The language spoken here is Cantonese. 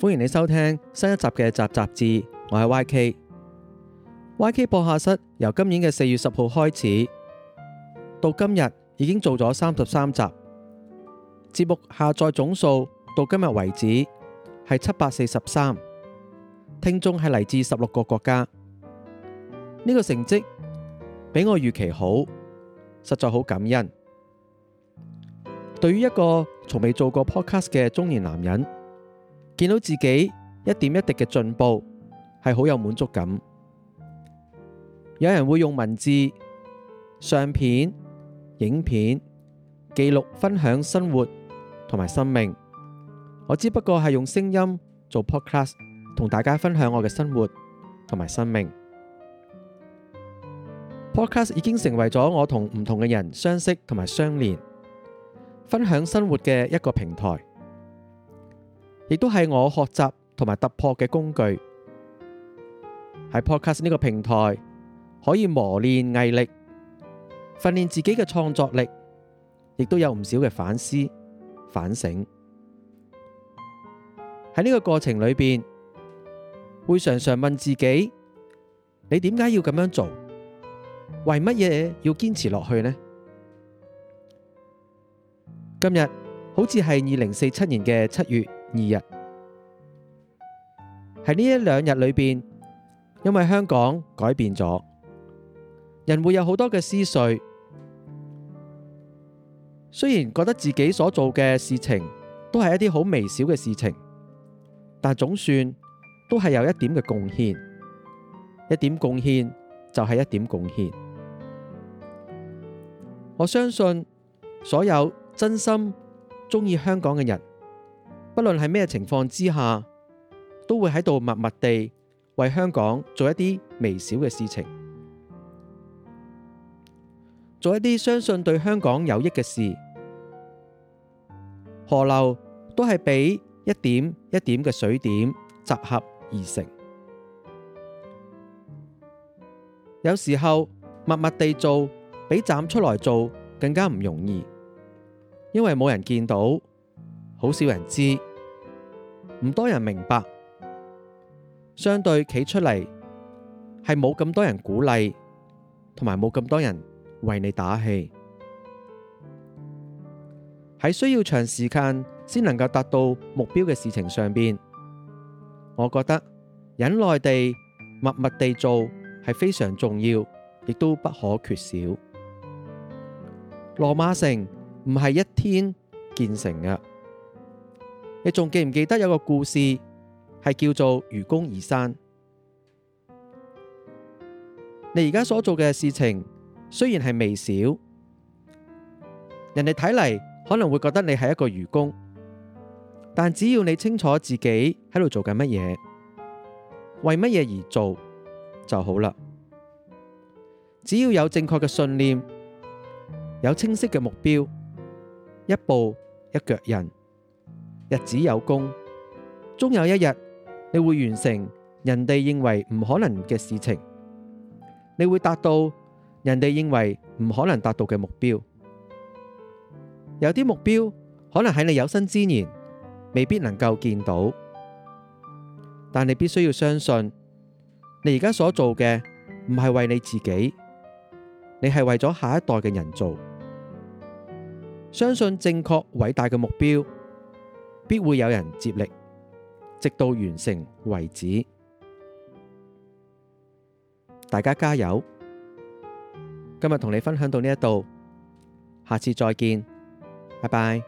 歡迎你收聽新一集嘅集集志，我係 YK。YK 播客室由今年嘅四月十號開始，到今日已經做咗三十三集，節目下載總數到今日為止係七百四十三，聽眾係嚟自十六個國家，呢個成績比我預期好，實在好感恩。對於一個從未做過 podcast 嘅中年男人。見到自己一點一滴嘅進步，係好有滿足感。有人會用文字、相片、影片記錄分享生活同埋生命，我只不過係用聲音做 podcast，同大家分享我嘅生活同埋生命。podcast 已經成為咗我同唔同嘅人相識同埋相連、分享生活嘅一個平台。亦都係我學習同埋突破嘅工具，喺 Podcast 呢個平台可以磨練毅力，訓練自己嘅創作力，亦都有唔少嘅反思反省。喺呢個過程裏邊，會常常問自己：你點解要咁樣做？為乜嘢要堅持落去呢？今日好似係二零四七年嘅七月二日，喺呢一兩日裏邊，因為香港改變咗，人會有好多嘅思緒。雖然覺得自己所做嘅事情都係一啲好微小嘅事情，但係總算都係有一點嘅貢獻。一點貢獻就係一點貢獻。我相信所有真心鍾意香港嘅人。不論係咩情況之下，都會喺度默默地為香港做一啲微小嘅事情，做一啲相信對香港有益嘅事。河流都係俾一點一點嘅水點集合而成。有時候默默地做，比站出來做更加唔容易，因為冇人見到，好少人知。唔多人明白，相對企出嚟係冇咁多人鼓勵，同埋冇咁多人為你打氣，喺需要長時間先能夠達到目標嘅事情上邊，我覺得忍耐地、默默地做係非常重要，亦都不可缺少。羅馬城唔係一天建成嘅。你仲記唔記得有個故事係叫做《愚公移山》？你而家所做嘅事情雖然係微小，人哋睇嚟，可能會覺得你係一個愚公，但只要你清楚自己喺度做緊乜嘢，為乜嘢而做就好啦。只要有正確嘅信念，有清晰嘅目標，一步一腳印。日子有功，終有一日你會完成人哋認為唔可能嘅事情，你會達到人哋認為唔可能達到嘅目標。有啲目標可能喺你有生之年未必能夠見到，但你必須要相信，你而家所做嘅唔係為你自己，你係為咗下一代嘅人做。相信正確偉大嘅目標。必會有人接力，直到完成為止。大家加油！今日同你分享到呢一度，下次再見，拜拜。